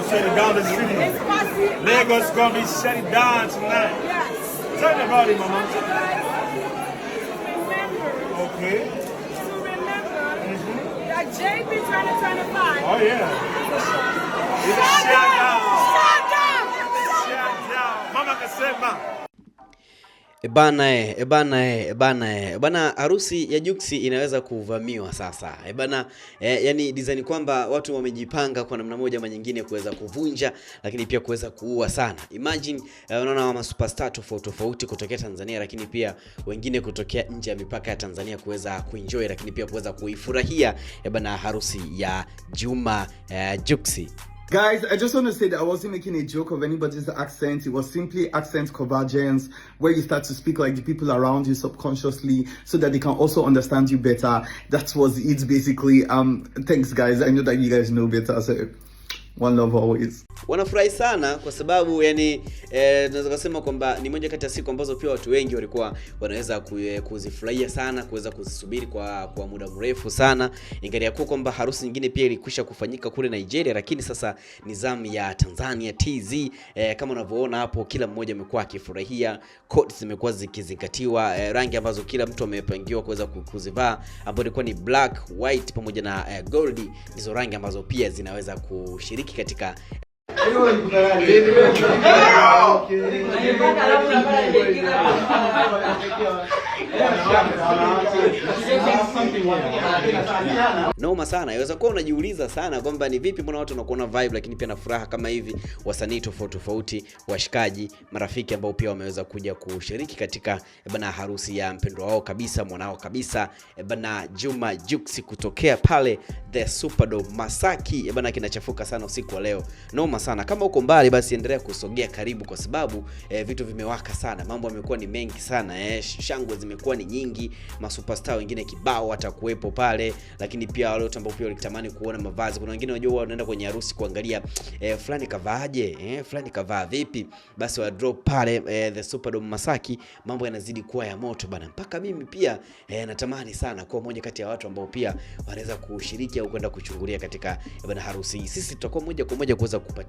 gonna shut it down this city. Lagos gonna be shut down tonight. Yes. Tell me about it, Mama. Remember. Okay. To remember mm -hmm. that JB 2025. Oh yeah. Ebana e, ebana e, ebana e. Ebana harusi ya juksi inaweza kuvamiwa sasa. Ebana e, yani design kwamba watu wamejipanga kwa namna moja ama nyingine kuweza kuvunja lakini pia kuweza kuua sana. Imagine unaona wa superstar tofauti tofauti kutokea Tanzania lakini pia wengine kutokea nje ya mipaka ya Tanzania kuweza kuenjoy lakini pia kuweza kuifurahia ebana harusi ya Juma e, Juksi. Guys, I just want to say that I wasn't making a joke of anybody's accent. It was simply accent convergence, where you start to speak like the people around you subconsciously so that they can also understand you better. That was it, basically. Um, thanks, guys. I know that you guys know better. So. One love Wanafurahi sana kwa sababu yani eh, kusema kwamba ni moja kati ya siku ambazo pia watu wengi walikuwa wanaweza eh, kuzifurahia sana, kuweza kuzisubiri kwa kwa muda mrefu sana, ingaliakuwa kwamba harusi nyingine pia ilikwisha kufanyika kule Nigeria, lakini sasa ni zamu ya Tanzania TZ. Eh, kama unavyoona hapo, kila mmoja amekuwa akifurahia, zimekuwa zikizingatiwa, eh, rangi ambazo kila mtu amepangiwa kuweza kuzivaa, ambapo ilikuwa ni black, white pamoja na eh, gold, ndizo rangi ambazo pia zinaweza kushiriki kushiriki katika Noma sana. Yaweza kuwa unajiuliza sana kwamba ni vipi, mbona watu wanakuona vibe lakini pia na furaha kama hivi, wasanii tofauti tofauti, washikaji, marafiki ambao pia wameweza kuja kushiriki katika eh, bana harusi ya mpendwa wao kabisa, mwanao kabisa, eh, bana Juma Jux kutokea pale the Superdome Masaki, eh, bana kinachafuka sana usiku wa leo. Noma sana. Kama uko mbali, basi endelea kusogea karibu, kwa sababu eh, vitu vimewaka sana, mambo yamekuwa ni mengi sana eh, shangwe zimekuwa ni nyingi, masuperstar wengine kibao watakuwepo pale, lakini pia wale wote ambao pia walitamani kuona mavazi. Kuna wengine wajua wanaenda kwenye harusi kuangalia eh, fulani kavaaje, eh, fulani kavaa vipi, basi wa drop pale eh, the Superdome Masaki, mambo yanazidi kuwa ya moto bana, mpaka mimi pia eh, natamani sana kuwa moja kati ya watu ambao pia wanaweza kushiriki au kwenda kuchungulia katika eh, bana harusi Sisi tutakuwa moja kwa moja kuweza kupata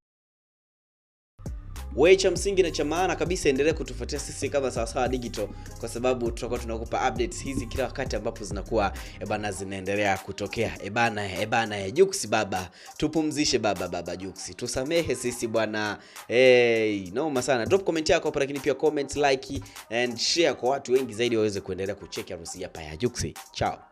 wewe, cha msingi na cha maana kabisa, endelea kutufuatia sisi kama Sawasawa Digital, kwa sababu tutakuwa tunakupa updates hizi kila wakati ambapo zinakuwa ebana eh zinaendelea kutokea ebana eh ebana. Eh Juksi baba, tupumzishe baba, baba Juksi, tusamehe sisi bwana. Hey, noma sana. Drop comment yako hapo, lakini pia comment, like and share kwa watu wengi zaidi waweze kuendelea kucheki harusi hapa ya Juksi. Ciao.